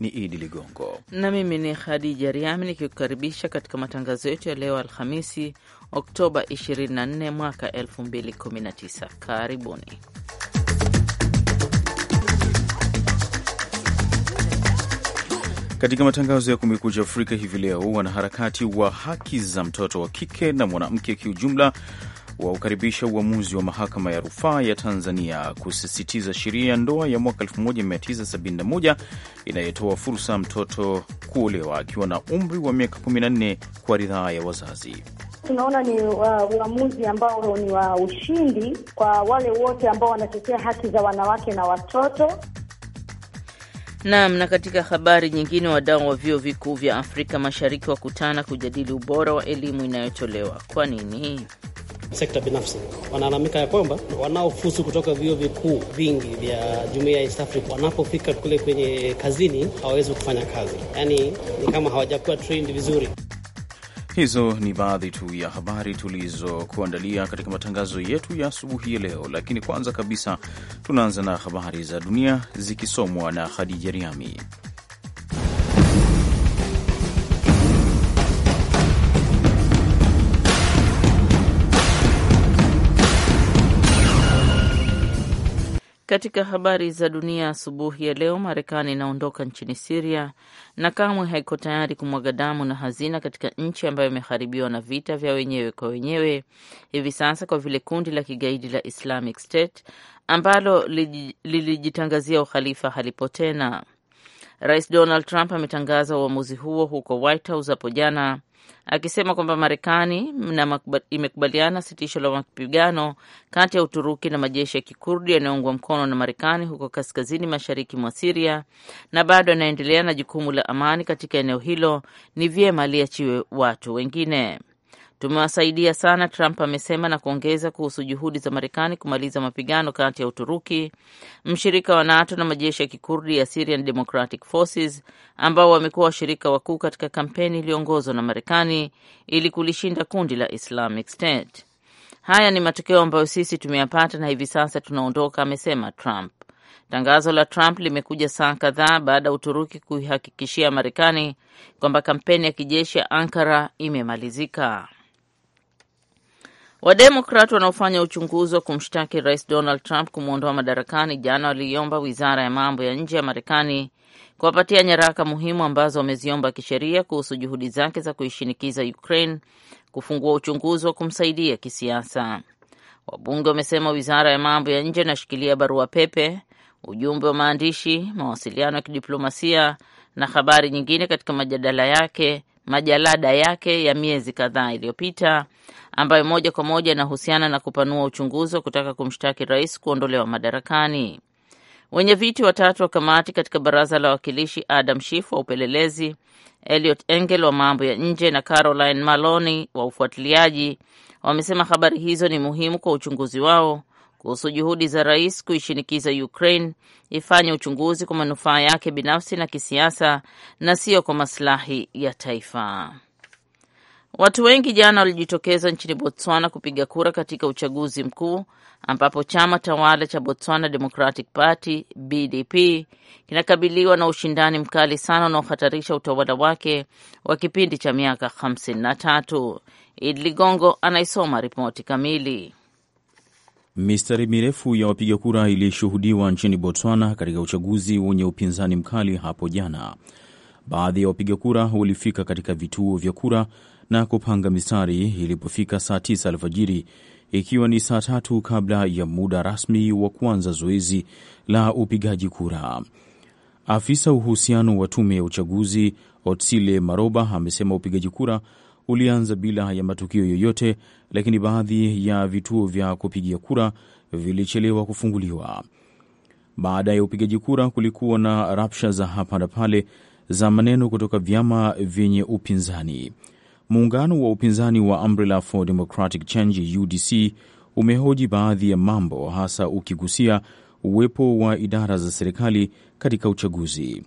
ni Idi Ligongo na mimi ni Khadija Riami nikikukaribisha katika matangazo yetu ya leo Alhamisi, Oktoba 24 mwaka 2019. Karibuni. Katika matangazo ya Kumekucha Afrika hivi leo, wanaharakati wa haki za mtoto wa kike na mwanamke kiujumla waukaribisha uamuzi wa mahakama ya rufaa ya Tanzania kusisitiza sheria ya ndoa ya mwaka 1971 inayotoa fursa mtoto kuolewa akiwa na umri wa miaka 14 kwa ridhaa ya wazazi. Tunaona ni uamuzi ambao ni wa ushindi kwa wale wote ambao wanatetea haki za wanawake na watoto. Naam. Na katika habari nyingine, wadau wa vyuo vikuu vya Afrika Mashariki wakutana kujadili ubora wa elimu inayotolewa. Kwa nini? sekta binafsi wanalalamika ya kwamba wanaofusu kutoka vyuo vikuu vingi vya jumuiya ya East Africa wanapofika kule kwenye kazini hawawezi kufanya kazi, yaani ni kama hawajakuwa trained vizuri. Hizo ni baadhi tu ya habari tulizokuandalia katika matangazo yetu ya asubuhi ya leo, lakini kwanza kabisa tunaanza na habari za dunia zikisomwa na Khadija Riami. Katika habari za dunia asubuhi ya leo, Marekani inaondoka nchini Siria na kamwe haiko tayari kumwaga damu na hazina katika nchi ambayo imeharibiwa na vita vya wenyewe kwa wenyewe hivi sasa, kwa vile kundi la kigaidi la Islamic State ambalo lilijitangazia ukhalifa halipo tena. Rais Donald Trump ametangaza uamuzi huo huko White House hapo jana akisema kwamba Marekani imekubaliana sitisho la mapigano kati ya Uturuki na majeshi ya kikurdi yanayoungwa mkono na Marekani huko kaskazini mashariki mwa Siria na bado anaendelea na jukumu la amani katika eneo hilo. Ni vyema aliachiwe watu wengine. Tumewasaidia sana, Trump amesema na kuongeza kuhusu juhudi za Marekani kumaliza mapigano kati ya Uturuki, mshirika wa NATO na majeshi ya kikurdi ya Syrian Democratic Forces ambao wamekuwa washirika wakuu katika kampeni iliyoongozwa na Marekani ili kulishinda kundi la Islamic State. Haya ni matokeo ambayo sisi tumeyapata na hivi sasa tunaondoka, amesema Trump. Tangazo la Trump limekuja saa kadhaa baada ya Uturuki kuihakikishia Marekani kwamba kampeni ya kijeshi ya Ankara imemalizika. Wademokrat wanaofanya uchunguzi wa kumshtaki rais Donald Trump kumwondoa madarakani, jana waliiomba wizara ya mambo ya nje ya Marekani kuwapatia nyaraka muhimu ambazo wameziomba kisheria kuhusu juhudi zake za kuishinikiza Ukraine kufungua uchunguzi wa kumsaidia kisiasa. Wabunge wamesema wizara ya mambo ya nje inashikilia barua pepe, ujumbe wa maandishi, mawasiliano ya kidiplomasia na habari nyingine katika majadala yake majalada yake ya miezi kadhaa iliyopita ambayo moja kwa moja inahusiana na kupanua uchunguzi wa kutaka kumshtaki rais kuondolewa madarakani. Wenye viti watatu wa kamati katika baraza la wawakilishi, Adam Schiff wa upelelezi, Eliot Engel wa mambo ya nje na Caroline Maloney wa ufuatiliaji, wamesema habari hizo ni muhimu kwa uchunguzi wao kuhusu juhudi za rais kuishinikiza Ukraine ifanye uchunguzi kwa manufaa yake binafsi na kisiasa na siyo kwa masilahi ya taifa. Watu wengi jana walijitokeza nchini Botswana kupiga kura katika uchaguzi mkuu ambapo chama tawala cha Botswana Democratic Party BDP kinakabiliwa na ushindani mkali sana unaohatarisha utawala wake wa kipindi cha miaka 53. Idi Ligongo anaisoma ripoti kamili. Mistari mirefu ya wapiga kura ilishuhudiwa nchini Botswana katika uchaguzi wenye upinzani mkali hapo jana. Baadhi ya wapiga kura walifika katika vituo vya kura na kupanga mistari ilipofika saa tisa alfajiri ikiwa ni saa tatu kabla ya muda rasmi wa kuanza zoezi la upigaji kura. Afisa uhusiano wa tume ya uchaguzi Otsile Maroba amesema upigaji kura ulianza bila ya matukio yoyote, lakini baadhi ya vituo vya kupigia kura vilichelewa kufunguliwa. Baada ya upigaji kura, kulikuwa na rapsha za hapa na pale za maneno kutoka vyama vyenye upinzani. Muungano wa upinzani wa Umbrella for Democratic Change UDC umehoji baadhi ya mambo, hasa ukigusia uwepo wa idara za serikali katika uchaguzi.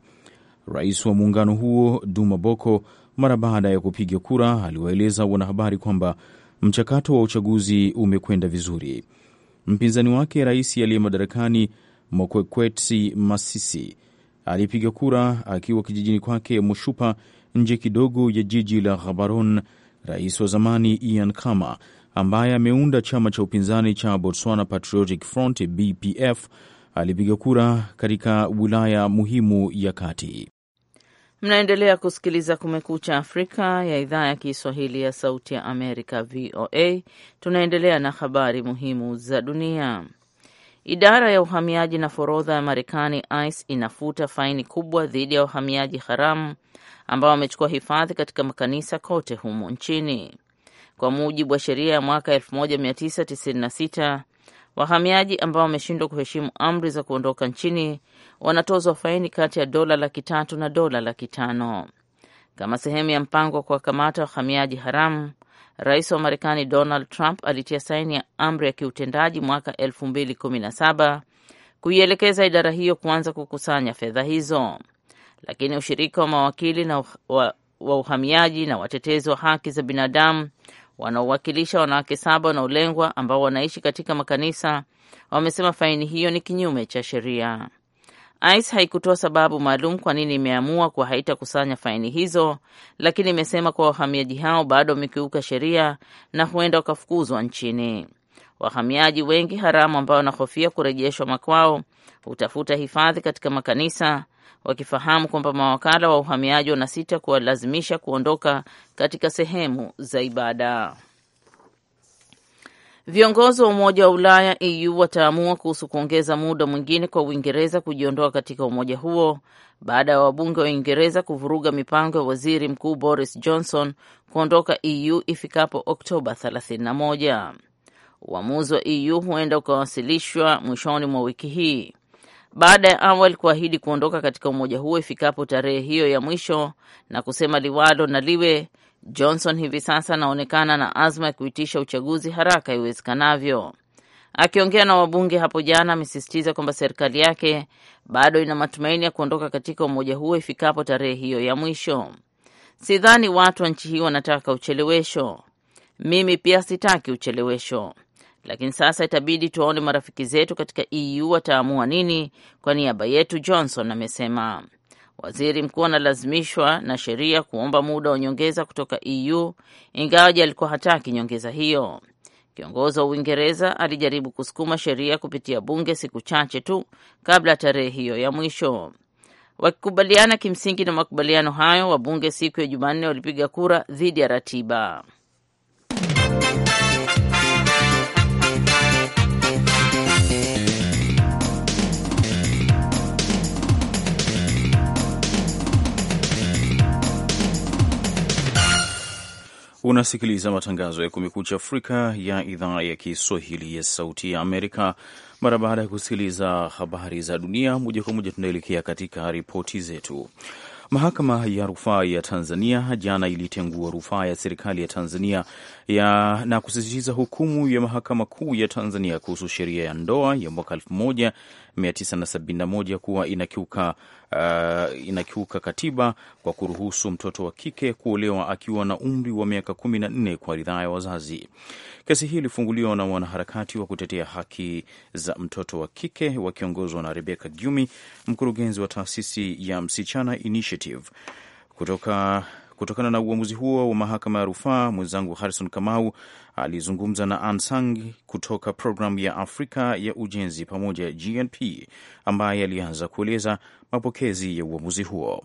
Rais wa muungano huo Duma Boko mara baada ya kupiga kura, aliwaeleza wanahabari kwamba mchakato wa uchaguzi umekwenda vizuri. Mpinzani wake rais aliye madarakani Mokwekwetsi Masisi alipiga kura akiwa kijijini kwake Mushupa, nje kidogo ya jiji la Gaborone. Rais wa zamani Ian Khama ambaye ameunda chama cha upinzani cha Botswana Patriotic Front BPF alipiga kura katika wilaya muhimu ya kati. Mnaendelea kusikiliza Kumekucha Afrika ya idhaa ya Kiswahili ya Sauti ya Amerika, VOA. Tunaendelea na habari muhimu za dunia. Idara ya uhamiaji na forodha ya Marekani, ICE, inafuta faini kubwa dhidi ya wahamiaji haramu ambao wamechukua hifadhi katika makanisa kote humo nchini. Kwa mujibu wa sheria ya mwaka 1996 Wahamiaji ambao wameshindwa kuheshimu amri za kuondoka nchini wanatozwa faini kati ya dola laki tatu na dola laki tano kama sehemu ya mpango wa kuwakamata wahamiaji haramu. Rais wa Marekani Donald Trump alitia saini ya amri ya kiutendaji mwaka 2017 kuielekeza idara hiyo kuanza kukusanya fedha hizo, lakini ushirika wa mawakili na wa uhamiaji na watetezi wa haki za binadamu wanaowakilisha wanawake saba wanaolengwa ambao wanaishi katika makanisa wamesema faini hiyo ni kinyume cha sheria. ICE haikutoa sababu maalum kwa nini imeamua kuwa haitakusanya faini hizo, lakini imesema kuwa wahamiaji hao bado wamekiuka sheria na huenda wakafukuzwa nchini. Wahamiaji wengi haramu ambao wanahofia kurejeshwa makwao hutafuta hifadhi katika makanisa wakifahamu kwamba mawakala wa uhamiaji wanasita kuwalazimisha kuondoka katika sehemu za ibada. Viongozi wa Umoja wa Ulaya EU wataamua kuhusu kuongeza muda mwingine kwa Uingereza kujiondoa katika umoja huo baada ya wabunge wa Uingereza kuvuruga mipango ya waziri mkuu Boris Johnson kuondoka EU ifikapo Oktoba 31. Uamuzi wa EU huenda ukawasilishwa mwishoni mwa wiki hii baada ya awali kuahidi kuondoka katika umoja huo ifikapo tarehe hiyo ya mwisho na kusema liwalo na liwe. Johnson hivi sasa anaonekana na azma ya kuitisha uchaguzi haraka iwezekanavyo. Akiongea na wabunge hapo jana, amesisitiza kwamba serikali yake bado ina matumaini ya kuondoka katika umoja huo ifikapo tarehe hiyo ya mwisho. Sidhani watu wa nchi hii wanataka uchelewesho. Mimi pia sitaki uchelewesho lakini sasa itabidi tuwaone marafiki zetu katika EU wataamua nini kwa niaba yetu, Johnson amesema. Waziri mkuu analazimishwa na sheria kuomba muda wa nyongeza kutoka EU ingawaji alikuwa hataki nyongeza hiyo. Kiongozi wa Uingereza alijaribu kusukuma sheria kupitia bunge siku chache tu kabla ya tarehe hiyo ya mwisho, wakikubaliana kimsingi na makubaliano hayo. Wabunge siku ya Jumanne walipiga kura dhidi ya ratiba. Unasikiliza matangazo ya Kumekucha Afrika ya idhaa ya Kiswahili ya Sauti ya Amerika. Mara baada ya kusikiliza habari za dunia moja kwa moja, tunaelekea katika ripoti zetu. Mahakama ya rufaa ya Tanzania jana ilitengua rufaa ya serikali ya Tanzania ya, na kusisitiza hukumu ya mahakama kuu ya Tanzania kuhusu sheria ya ndoa ya mwaka moja 971 kuwa inakiuka, uh, inakiuka katiba kwa kuruhusu mtoto wa kike kuolewa akiwa na umri wa miaka 14 kwa ridhaa ya wazazi. Kesi hii ilifunguliwa na wanaharakati wa kutetea haki za mtoto wa kike wakiongozwa na Rebecca Gyumi, mkurugenzi wa taasisi ya Msichana Initiative kutoka Kutokana na uamuzi huo wa mahakama ya rufaa, mwenzangu Harrison Kamau alizungumza na Ansang kutoka programu ya Afrika ya Ujenzi Pamoja, GNP, ambaye alianza kueleza mapokezi ya uamuzi huo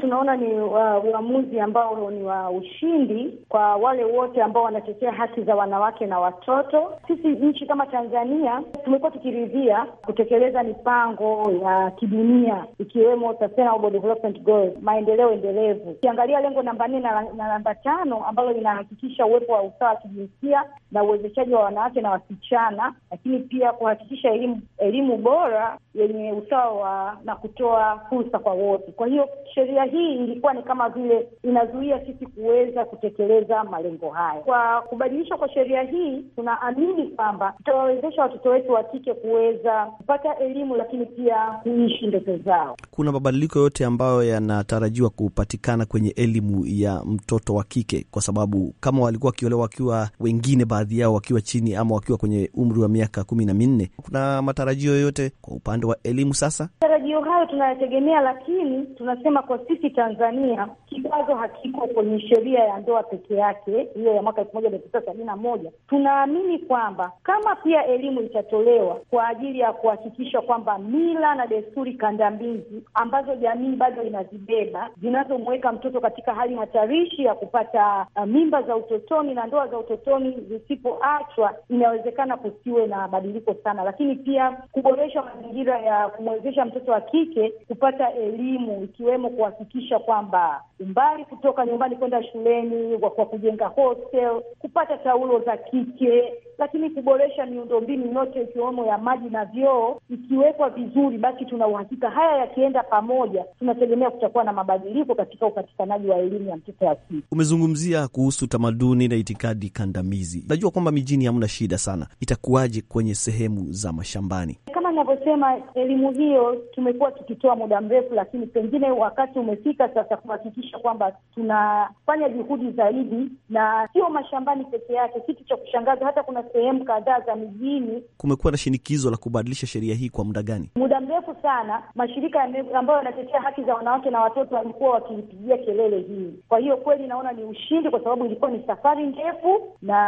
tunaona ni uh, uamuzi ambao ni wa ushindi kwa wale wote ambao wanatetea haki za wanawake na watoto. Sisi nchi kama Tanzania tumekuwa tukiridhia kutekeleza mipango ya kidunia ikiwemo Sustainable Development Goals, maendeleo endelevu. Ukiangalia lengo namba nne na, na namba tano ambalo linahakikisha uwepo wa usawa wa kijinsia na uwezeshaji wa wanawake na wasichana, lakini pia kuhakikisha elimu elimu bora yenye usawa na kutoa fursa kwa wote. Kwa hiyo sheria Sheria hii ilikuwa ni kama vile inazuia sisi kuweza kutekeleza malengo haya. Kwa kubadilishwa kwa sheria hii, tunaamini kwamba tutawawezesha watoto wetu wa kike kuweza kupata elimu, lakini pia kuishi ndoto zao. Kuna mabadiliko yote ambayo yanatarajiwa kupatikana kwenye elimu ya mtoto wa kike, kwa sababu kama walikuwa wakiolewa wakiwa wengine, baadhi yao wakiwa chini ama wakiwa kwenye umri wa miaka kumi na minne, kuna matarajio yoyote kwa upande wa elimu sasa? Matarajio hayo tunayategemea, lakini tunasema kwa sisi Tanzania kikwazo hakiko kwenye sheria ya ndoa peke yake, hiyo ya mwaka elfu moja mia tisa sabini na moja. Tunaamini kwamba kama pia elimu itatolewa kwa ajili ya kuhakikisha kwamba mila na desturi kandambizi ambazo jamii bado inazibeba zinazomweka mtoto katika hali hatarishi ya kupata uh, mimba za utotoni na ndoa za utotoni zisipoachwa, inawezekana kusiwe na mabadiliko sana, lakini pia kuboresha mazingira ya kumwezesha mtoto wa kike kupata elimu ikiwemo kwa kuhakikisha kwamba umbali kutoka nyumbani kwenda shuleni kwa kujenga hostel, kupata taulo za kike, lakini kuboresha miundombinu yote ikiwemo ya maji na vyoo ikiwekwa vizuri, basi tuna uhakika haya yakienda pamoja, tunategemea kutakuwa na mabadiliko katika upatikanaji wa elimu ya mtoto wa kike. Umezungumzia kuhusu tamaduni na itikadi kandamizi. Najua kwamba mijini hamna shida sana, itakuwaje kwenye sehemu za mashambani? anavyosema, elimu hiyo tumekuwa tukitoa muda mrefu, lakini pengine wakati umefika sasa kuhakikisha kwamba tunafanya juhudi zaidi, na sio mashambani peke yake. Kitu cha kushangaza, hata kuna sehemu kadhaa za mijini kumekuwa na shinikizo la kubadilisha sheria hii. Kwa muda gani? Muda mrefu sana. Mashirika ambayo yanatetea haki za wanawake na watoto walikuwa wakiipigia kelele hii. Kwa hiyo kweli naona ni ushindi, kwa sababu ilikuwa ni safari ndefu na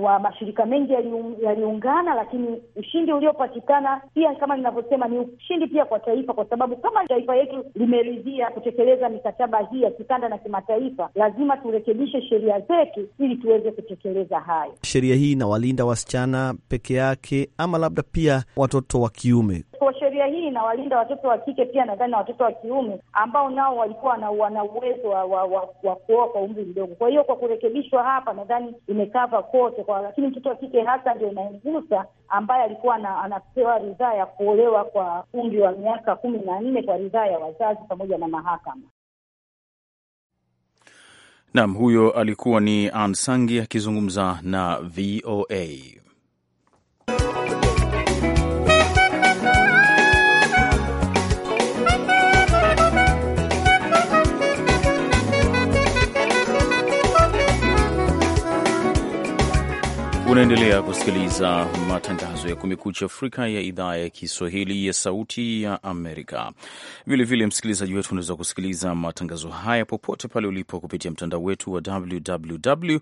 wa mashirika mengi yaliungana, lakini ushindi uliopatikana pia kama ninavyosema, ni ushindi pia kwa taifa, kwa sababu kama taifa yetu limeridhia kutekeleza mikataba hii ya kikanda na kimataifa, lazima turekebishe sheria zetu ili tuweze kutekeleza hayo. Sheria hii inawalinda wasichana peke yake ama labda pia watoto wa kiume? Kwa sheria hii inawalinda watoto wa kike pia nadhani na watoto wa kiume ambao nao walikuwa wana uwezo wa, wa, wa, wa kuoa kwa umri mdogo. Kwa hiyo kwa kurekebishwa hapa nadhani imekava kote kwa, lakini mtoto wa kike hasa ndio inamgusa ambaye alikuwa anapewa ridhaa ya kuolewa kwa umri wa miaka kumi na nne kwa ridhaa ya wazazi pamoja na mahakama. Naam, huyo alikuwa ni Ansangi akizungumza na VOA. Unaendelea kusikiliza matangazo ya Kumekucha Afrika ya idhaa ya Kiswahili ya Sauti ya Amerika. Vilevile msikilizaji wetu, unaweza kusikiliza matangazo haya popote pale ulipo kupitia mtandao wetu wa www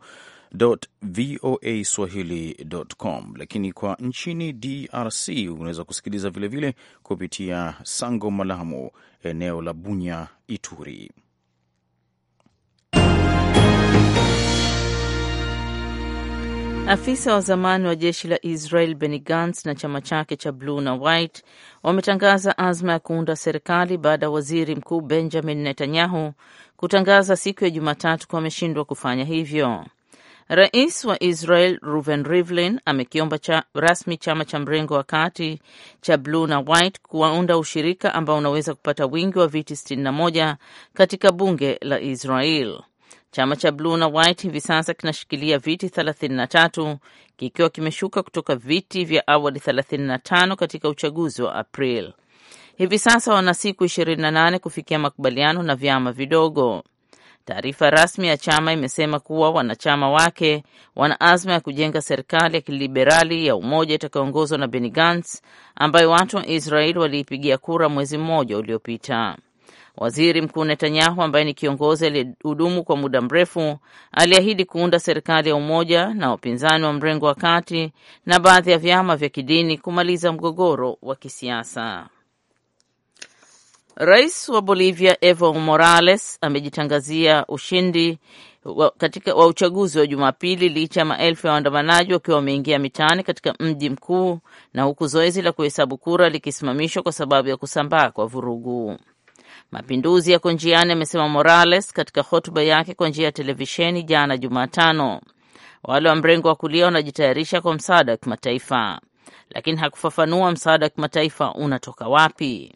voa swahili.com. Lakini kwa nchini DRC unaweza kusikiliza vilevile kupitia Sango Malamu, eneo la Bunya, Ituri. Afisa wa zamani wa jeshi la Israel Benny Gantz na chama chake cha Blue na White wametangaza azma ya kuunda serikali baada ya waziri mkuu Benjamin Netanyahu kutangaza siku ya Jumatatu kuwa ameshindwa kufanya hivyo. Rais wa Israel ruven Rivlin amekiomba cha rasmi chama cha mrengo wa kati cha Blue na White kuwaunda ushirika ambao unaweza kupata wingi wa viti 61 katika bunge la Israel. Chama cha Bluu na White hivi sasa kinashikilia viti 33 kikiwa kimeshuka kutoka viti vya awali 35 katika uchaguzi wa April. Hivi sasa wana siku 28 kufikia makubaliano na vyama vidogo. Taarifa rasmi ya chama imesema kuwa wanachama wake wana azma ya kujenga serikali ya kiliberali ya umoja itakayoongozwa na Benny Gantz ambayo watu wa Israel waliipigia kura mwezi mmoja uliopita. Waziri Mkuu Netanyahu ambaye ni kiongozi aliyehudumu kwa muda mrefu aliahidi kuunda serikali ya umoja na wapinzani wa mrengo wa kati na baadhi ya vyama vya kidini kumaliza mgogoro wa kisiasa. Rais wa Bolivia Evo Morales amejitangazia ushindi wa, katika, wa uchaguzi wa Jumapili licha ya maelfu ya waandamanaji wakiwa wameingia mitaani katika mji mkuu na huku zoezi la kuhesabu kura likisimamishwa kwa sababu ya kusambaa kwa vurugu. Mapinduzi yako njiani, amesema Morales katika hotuba yake kwa njia ya televisheni jana Jumatano. Wale wa mrengo wa kulia wanajitayarisha kwa msaada wa kimataifa, lakini hakufafanua msaada wa kimataifa unatoka wapi.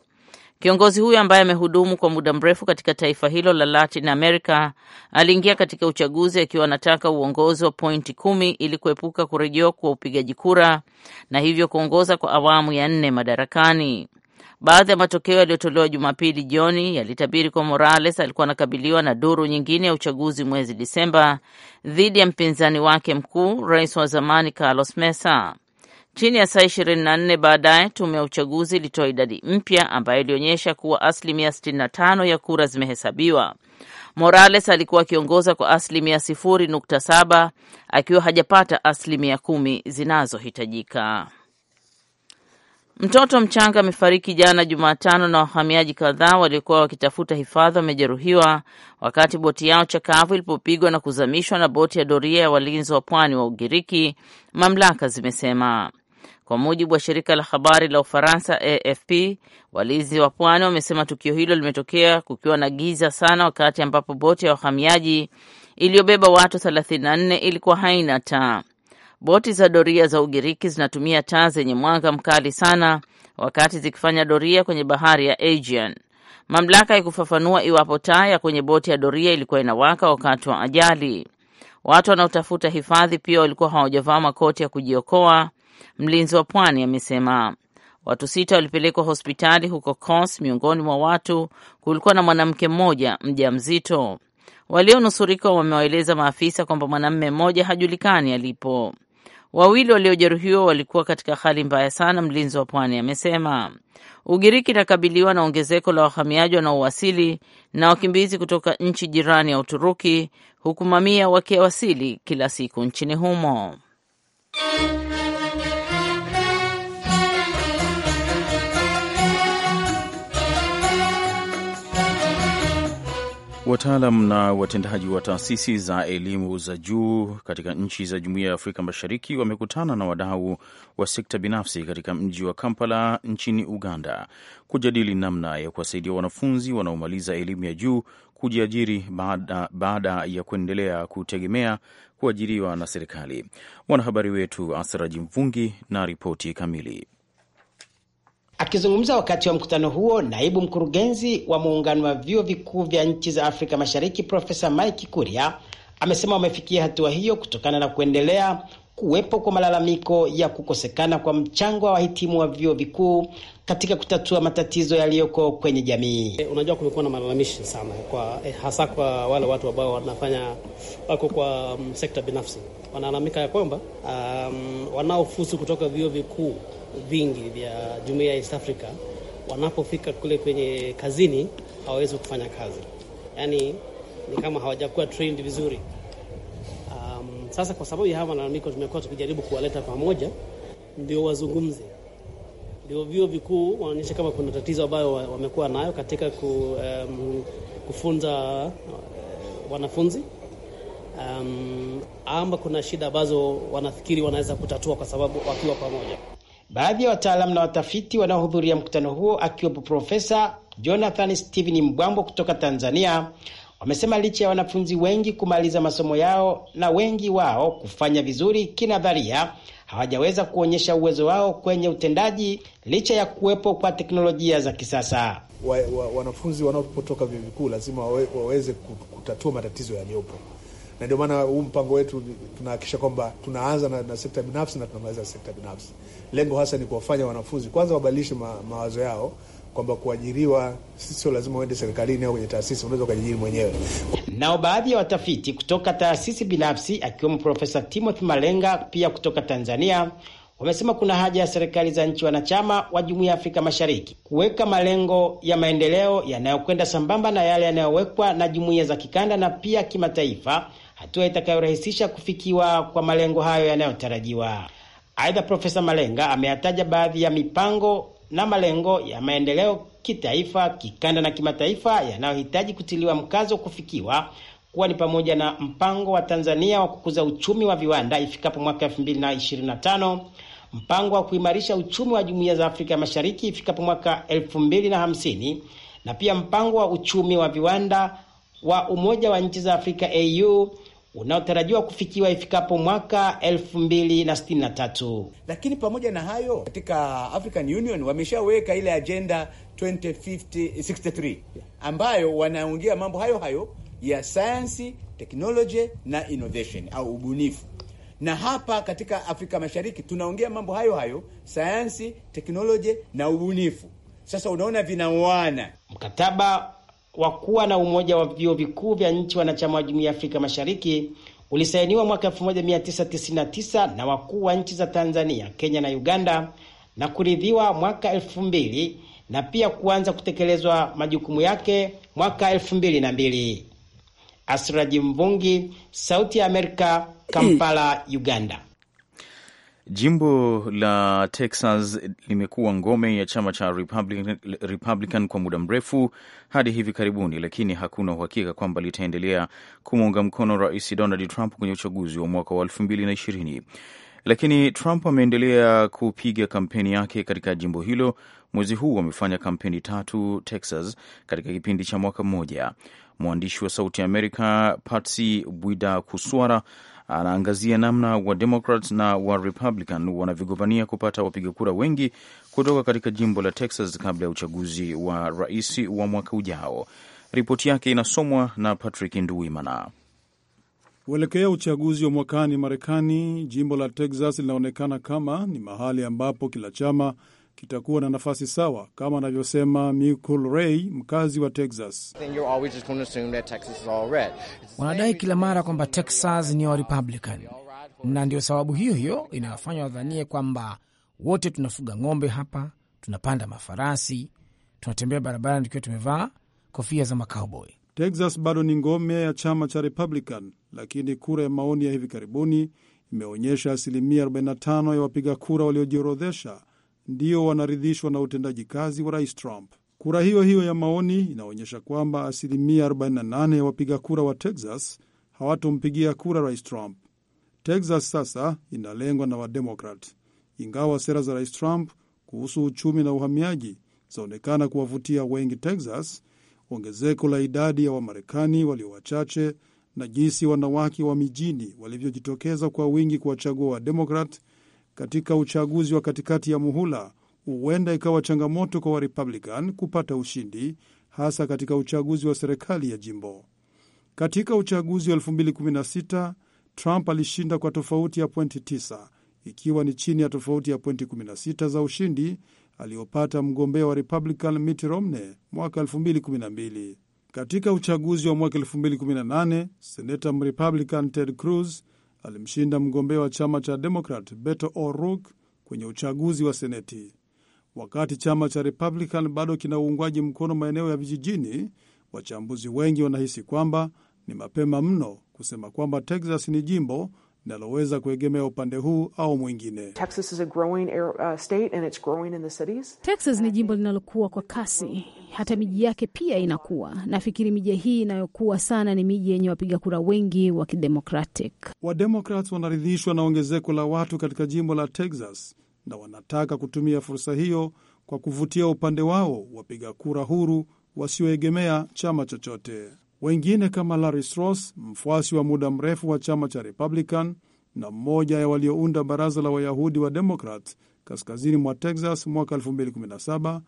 Kiongozi huyo ambaye amehudumu kwa muda mrefu katika taifa hilo la Latin America aliingia katika uchaguzi akiwa anataka uongozi wa pointi kumi ili kuepuka kurejewa kwa upigaji kura na hivyo kuongoza kwa awamu ya nne madarakani. Baadhi ya matokeo yaliyotolewa Jumapili jioni yalitabiri kuwa Morales alikuwa anakabiliwa na duru nyingine ya uchaguzi mwezi Disemba dhidi ya mpinzani wake mkuu, rais wa zamani Carlos Mesa. Chini ya saa na nne baadaye, tume ya uchaguzi ilitoa idadi mpya ambayo ilionyesha kuwa asilimia 65 ya kura zimehesabiwa. Morales alikuwa akiongoza kwa asilimia saba akiwa hajapata asilimia kumi zinazohitajika. Mtoto mchanga amefariki jana Jumatano na wahamiaji kadhaa waliokuwa wakitafuta hifadhi wamejeruhiwa wakati boti yao chakavu ilipopigwa na kuzamishwa na boti ya doria ya walinzi wa pwani wa Ugiriki, mamlaka zimesema. Kwa mujibu wa shirika la habari la Ufaransa AFP, walinzi wa pwani wamesema tukio hilo limetokea kukiwa na giza sana, wakati ambapo boti ya wahamiaji iliyobeba watu 34 ilikuwa haina taa. Boti za doria za Ugiriki zinatumia taa zenye mwanga mkali sana wakati zikifanya doria kwenye bahari ya Aegean. Mamlaka haikufafanua iwapo taa ya kwenye boti ya doria ilikuwa inawaka wakati wa ajali. Watu wanaotafuta hifadhi pia walikuwa hawajavaa makoti ya kujiokoa, mlinzi wa pwani amesema. Watu sita walipelekwa hospitali huko Kos. Miongoni mwa watu kulikuwa na mwanamke mmoja mja mzito Walionusurika wamewaeleza maafisa kwamba mwanamume mmoja hajulikani alipo. Wawili waliojeruhiwa walikuwa katika hali mbaya sana, mlinzi wa pwani amesema. Ugiriki inakabiliwa na ongezeko la wahamiaji wanaowasili na wakimbizi kutoka nchi jirani ya Uturuki, huku mamia wakiwasili kila siku nchini humo. Wataalam na watendaji wa taasisi za elimu za juu katika nchi za Jumuiya ya Afrika Mashariki wamekutana na wadau wa sekta binafsi katika mji wa Kampala nchini Uganda kujadili namna ya kuwasaidia wanafunzi wanaomaliza elimu ya juu kujiajiri baada, baada ya kuendelea kutegemea kuajiriwa na serikali. Mwanahabari wetu Asraji Mvungi na ripoti kamili. Akizungumza wakati wa mkutano huo, naibu mkurugenzi wa muungano wa vyuo vikuu vya nchi za Afrika Mashariki Profesa Mike Kuria amesema wamefikia hatua hiyo kutokana na kuendelea kuwepo kwa malalamiko ya kukosekana kwa mchango wa wahitimu wa vyuo vikuu katika kutatua matatizo yaliyoko kwenye jamii. E, unajua kumekuwa na malalamishi sana kwa e, hasa kwa wale watu ambao wanafanya wako kwa um, sekta binafsi wanalalamika ya kwamba um, wanaofuzu kutoka vyuo vikuu vingi vya jumuiya ya East Africa wanapofika kule kwenye kazini hawawezi kufanya kazi, yaani ni kama hawajakuwa trained vizuri sasa kwa sababu ya haya malalamiko, tumekuwa tukijaribu kuwaleta pamoja, ndio wazungumze, ndio vyuo vikuu waonyeshe kama kuna tatizo ambayo wamekuwa nayo katika ku, um, kufunza uh, wanafunzi um, ama kuna shida ambazo wanafikiri wanaweza kutatua kwa sababu wakiwa pamoja. Baadhi ya wataalamu na watafiti wanaohudhuria mkutano huo akiwepo Profesa Jonathan Stephen Mbwambo kutoka Tanzania Wamesema licha ya wanafunzi wengi kumaliza masomo yao na wengi wao kufanya vizuri kinadharia, hawajaweza kuonyesha uwezo wao kwenye utendaji licha ya kuwepo kwa teknolojia za kisasa. Wa, wa, wanafunzi wanapotoka vyuo vikuu lazima wawe, waweze kutatua matatizo yaliyopo, na ndio maana huu mpango wetu tunahakikisha kwamba tunaanza na, na sekta binafsi na tunamaliza sekta binafsi. Lengo hasa ni kuwafanya wanafunzi kwanza wabadilishe ma, mawazo yao kwamba kuajiriwa sio lazima uende serikalini au kwenye taasisi, unaweza ukajiajiri mwenyewe. Nao baadhi ya watafiti kutoka taasisi binafsi akiwemo Profesa Timothy Malenga pia kutoka Tanzania wamesema kuna haja ya serikali za nchi wanachama wa Jumuiya ya Afrika Mashariki kuweka malengo ya maendeleo yanayokwenda sambamba na yale yanayowekwa na jumuiya za kikanda na pia kimataifa, hatua itakayorahisisha kufikiwa kwa malengo hayo yanayotarajiwa. Aidha, Profesa Malenga ameyataja baadhi ya mipango na malengo ya maendeleo kitaifa, kikanda na kimataifa yanayohitaji kutiliwa mkazo kufikiwa kuwa ni pamoja na mpango wa Tanzania wa kukuza uchumi wa viwanda ifikapo mwaka 2025, mpango wa kuimarisha uchumi wa jumuiya za Afrika Mashariki ifikapo mwaka 2050, na pia mpango wa uchumi wa viwanda wa Umoja wa Nchi za Afrika AU unaotarajiwa kufikiwa ifikapo mwaka 2063. Lakini pamoja na hayo, katika African Union wameshaweka ile ajenda 2063 63 ambayo wanaongea mambo hayo hayo ya sayansi, teknoloji na innovation au ubunifu na hapa katika Afrika Mashariki tunaongea mambo hayo hayo, sayansi, teknoloji na ubunifu. Sasa unaona vinaoana. Mkataba wa kuwa na umoja wa vyuo vikuu vya nchi wanachama wa Jumuiya ya Afrika Mashariki ulisainiwa mwaka 1999 na wakuu wa nchi za Tanzania, Kenya na Uganda na kuridhiwa mwaka elfu na pia kuanza kutekelezwa majukumu yake mwaka elfu mbili Asraji Mvungi, Sauti ya Amerika, Kampala, Uganda. Jimbo la Texas limekuwa ngome ya chama cha Republican, Republican kwa muda mrefu hadi hivi karibuni, lakini hakuna uhakika kwamba litaendelea kumuunga mkono Rais Donald Trump kwenye uchaguzi wa mwaka wa ishirini Lakini Trump ameendelea kupiga kampeni yake katika jimbo hilo. Mwezi huu amefanya kampeni tatu Texas katika kipindi cha mwaka mmoja. Mwandishi wa Sauti ya Amerika Patsy Bwida Kuswara anaangazia namna wa Democrats na wa Republican wanavyogombania kupata wapiga kura wengi kutoka katika jimbo la Texas kabla ya uchaguzi wa rais wa mwaka ujao. Ripoti yake inasomwa na Patrick nduimana Kuelekea uchaguzi wa mwakani Marekani, jimbo la Texas linaonekana kama ni mahali ambapo kila chama kitakuwa na nafasi sawa, kama anavyosema Mikul Ray, mkazi wa Texas. Wanadai kila mara kwamba Texas ni wa Republican, na ndio sababu hiyo hiyo inayofanya wadhanie kwamba wote tunafuga ng'ombe hapa, tunapanda mafarasi, tunatembea barabarani tukiwa tumevaa kofia za makowboy. Texas bado ni ngome ya chama cha Republican, lakini kura ya maoni ya hivi karibuni imeonyesha asilimia 45 ya wapiga kura waliojiorodhesha ndio wanaridhishwa na utendaji kazi wa rais Trump. Kura hiyo hiyo ya maoni inaonyesha kwamba asilimia 48 ya wapiga kura wa Texas hawatompigia kura rais Trump. Texas sasa inalengwa na Wademokrat, ingawa sera za rais Trump kuhusu uchumi na uhamiaji zaonekana kuwavutia wengi Texas. Ongezeko la idadi ya Wamarekani walio wachache na jinsi wanawake wa mijini walivyojitokeza kwa wingi kuwachagua Wademokrat katika uchaguzi wa katikati ya muhula huenda ikawa changamoto kwa Warepublican kupata ushindi, hasa katika uchaguzi wa serikali ya jimbo. Katika uchaguzi wa 2016 Trump alishinda kwa tofauti ya pointi 9 ikiwa ni chini ya tofauti ya pointi 16 za ushindi aliyopata mgombea wa Republican Mitt Romney mwaka 2012. Katika uchaguzi wa mwaka 2018 senata Mrepublican Ted Cruz alimshinda mgombea wa chama cha Demokrat Beto O'Rourke kwenye uchaguzi wa Seneti. Wakati chama cha Republican bado kina uungwaji mkono maeneo ya vijijini, wachambuzi wengi wanahisi kwamba ni mapema mno kusema kwamba Texas ni jimbo linaloweza kuegemea upande huu au mwingine. Texas ni jimbo linalokuwa kwa kasi, hata miji yake pia inakuwa. Nafikiri miji hii inayokuwa sana ni miji yenye wapiga kura wengi wa kidemokratic. Wademokrat wanaridhishwa na ongezeko la watu katika jimbo la Texas na wanataka kutumia fursa hiyo kwa kuvutia upande wao wapiga kura huru wasioegemea chama chochote. Wengine kama Larry Ross, mfuasi wa muda mrefu wa chama cha Republican na mmoja ya waliounda baraza la Wayahudi wa Demokrat kaskazini mwa Texas mwaka 2017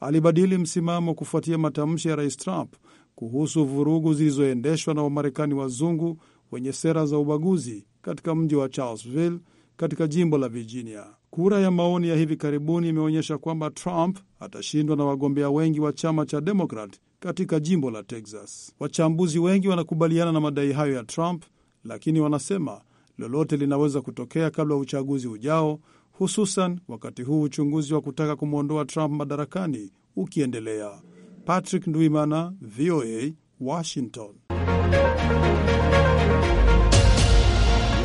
alibadili msimamo kufuatia matamshi ya Rais Trump kuhusu vurugu zilizoendeshwa na Wamarekani wazungu wenye sera za ubaguzi katika mji wa charlesville katika jimbo la Virginia. Kura ya maoni ya hivi karibuni imeonyesha kwamba Trump atashindwa na wagombea wengi wa chama cha Demokrat katika jimbo la Texas. Wachambuzi wengi wanakubaliana na madai hayo ya Trump, lakini wanasema lolote linaweza kutokea kabla ya uchaguzi ujao, hususan wakati huu uchunguzi wa kutaka kumwondoa Trump madarakani ukiendelea. Patrick Ndwimana, VOA, Washington.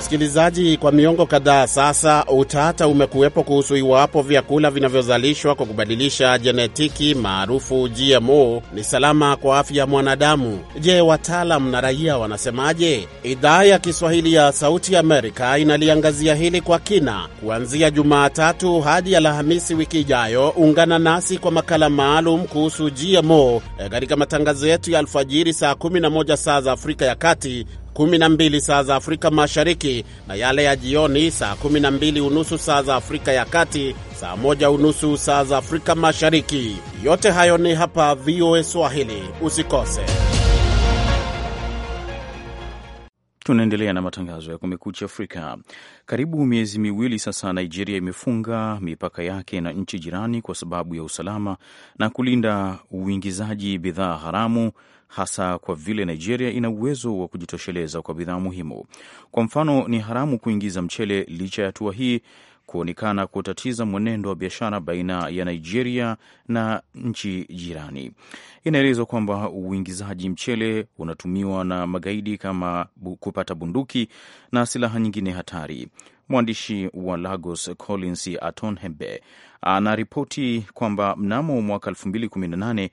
Msikilizaji, kwa miongo kadhaa sasa utata umekuwepo kuhusu iwapo vyakula vinavyozalishwa kwa kubadilisha jenetiki maarufu GMO ni salama kwa afya ya mwanadamu. Je, wataalam na raia wanasemaje? Idhaa ya Kiswahili ya Sauti Amerika inaliangazia hili kwa kina kuanzia Jumatatu hadi Alhamisi wiki ijayo. Ungana nasi kwa makala maalum kuhusu GMO eh, katika matangazo yetu ya alfajiri saa 11 saa za Afrika ya Kati 12 saa za Afrika Mashariki na yale ya jioni saa 12 unusu saa za Afrika ya Kati, saa moja unusu saa za Afrika Mashariki. Yote hayo ni hapa VOA Swahili, usikose. Tunaendelea na matangazo ya Kumekucha Afrika. Karibu miezi miwili sasa, Nigeria imefunga mipaka yake na nchi jirani kwa sababu ya usalama na kulinda uingizaji bidhaa haramu hasa kwa vile Nigeria ina uwezo wa kujitosheleza kwa bidhaa muhimu. Kwa mfano, ni haramu kuingiza mchele, licha ya hatua hii kuonekana kutatiza mwenendo wa biashara baina ya Nigeria na nchi jirani. Inaelezwa kwamba uingizaji mchele unatumiwa na magaidi kama kupata bunduki na silaha nyingine hatari. Mwandishi wa Lagos Collins Atonhembe anaripoti kwamba mnamo mwaka 2018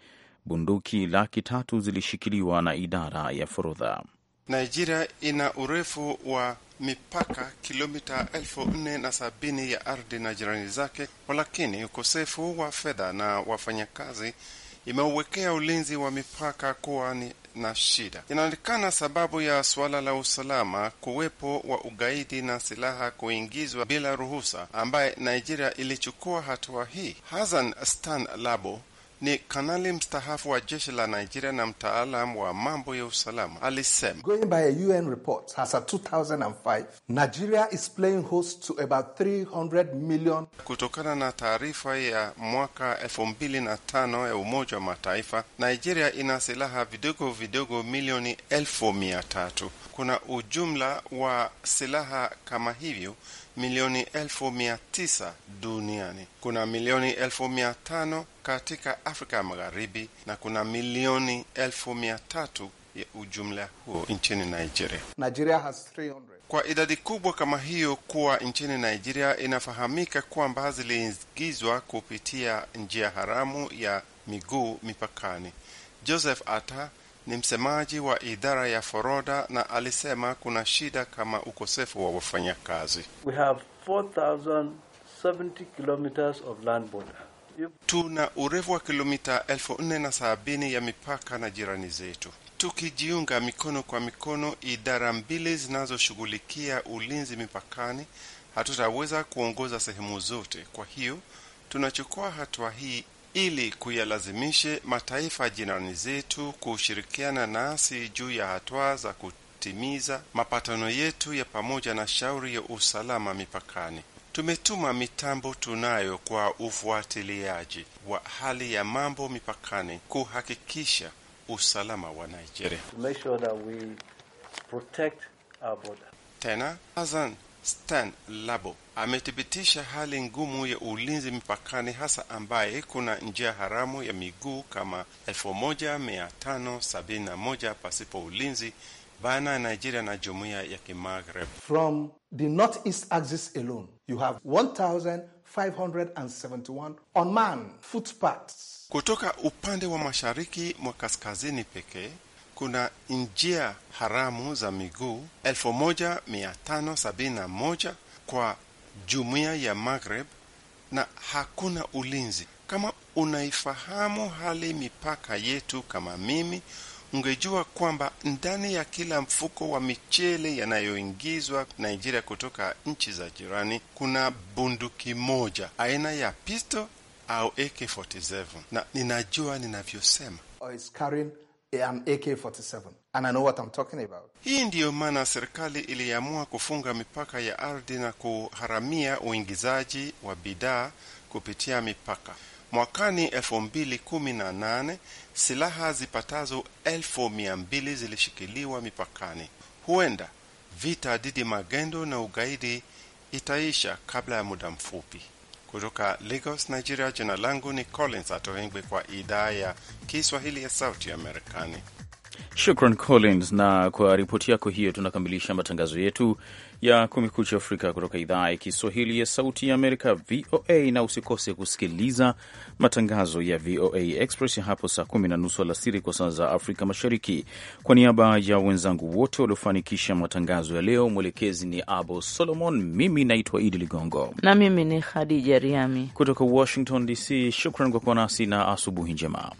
bunduki laki tatu zilishikiliwa na idara ya forodha. Nigeria ina urefu wa mipaka kilomita elfu nne na sabini ya ardhi na jirani zake, walakini ukosefu wa fedha na wafanyakazi imeuwekea ulinzi wa mipaka kuwa ni na shida. Inaonekana sababu ya suala la usalama, kuwepo wa ugaidi na silaha kuingizwa bila ruhusa, ambaye Nigeria ilichukua hatua hii. Hassan Stan Labo ni kanali mstaafu wa jeshi la Nigeria na mtaalam wa mambo ya usalama alisema, going by a UN report as of 2005 Nigeria is playing host to about 300 million. Kutokana na taarifa ya mwaka 2005 ya Umoja wa Mataifa, Nigeria ina silaha vidogo vidogo milioni elfu Kuna ujumla wa silaha kama hivyo milioni elfu mia tisa duniani. Kuna milioni elfu mia tano katika Afrika ya Magharibi na kuna milioni elfu mia tatu ya ujumla huo nchini Nigeria. Nigeria has 300. Kwa idadi kubwa kama hiyo kuwa nchini Nigeria, inafahamika kwamba ziliingizwa kupitia njia haramu ya miguu mipakani. Joseph Atta ni msemaji wa idara ya forodha na alisema kuna shida kama ukosefu wa wafanyakazi. We have 4,070 kilometers of land border. Tuna urefu wa kilomita elfu ya mipaka na jirani zetu. Tukijiunga mikono kwa mikono, idara mbili zinazoshughulikia ulinzi mipakani, hatutaweza kuongoza sehemu zote. Kwa hiyo tunachukua hatua hii ili kuyalazimishe mataifa jirani zetu kushirikiana nasi juu ya hatua za kutimiza mapatano yetu ya pamoja na shauri ya usalama mipakani. Tumetuma mitambo tunayo kwa ufuatiliaji wa hali ya mambo mipakani kuhakikisha usalama wa Nigeria. Sure tena Hassan Stan Labo amethibitisha hali ngumu ya ulinzi mpakani hasa ambaye kuna njia haramu ya miguu kama 1571 pasipo ulinzi baina ya Nigeria na jumuiya ya Kimagreb. From the northeast axis alone you have 1571 unmanned footpaths. Kutoka upande wa mashariki mwa kaskazini pekee kuna njia haramu za miguu 1571 kwa jumuiya ya Maghreb na hakuna ulinzi. Kama unaifahamu hali mipaka yetu kama mimi, ungejua kwamba ndani ya kila mfuko wa michele yanayoingizwa Nigeria kutoka nchi za jirani kuna bunduki moja aina ya pisto au AK47, na ninajua ninavyosema. Oh, carrying an AK47. And I know what I'm talking about. Hii ndiyo maana serikali iliamua kufunga mipaka ya ardhi na kuharamia uingizaji wa bidhaa kupitia mipaka. Mwakani 2018 silaha zipatazo elfu mia mbili zilishikiliwa mipakani. Huenda vita dhidi magendo na ugaidi itaisha kabla ya muda mfupi. Kutoka Lagos, Nigeria, jina langu ni Collins Atoengwe kwa idhaa ya Kiswahili ya Sauti ya Marekani. Shukran Collins, na kwa ripoti yako hiyo, tunakamilisha matangazo yetu ya Kumekucha Afrika kutoka idhaa ya Kiswahili ya Sauti ya Amerika, VOA. Na usikose kusikiliza matangazo ya VOA Express hapo saa kumi na nusu alasiri kwa saa za Afrika Mashariki. Kwa niaba ya wenzangu wote waliofanikisha matangazo ya leo, mwelekezi ni Abo Solomon, mimi naitwa Idi Ligongo na mimi ni Khadija Riami kutoka Washington DC. Shukran kwa kuwa nasi na asubuhi njema.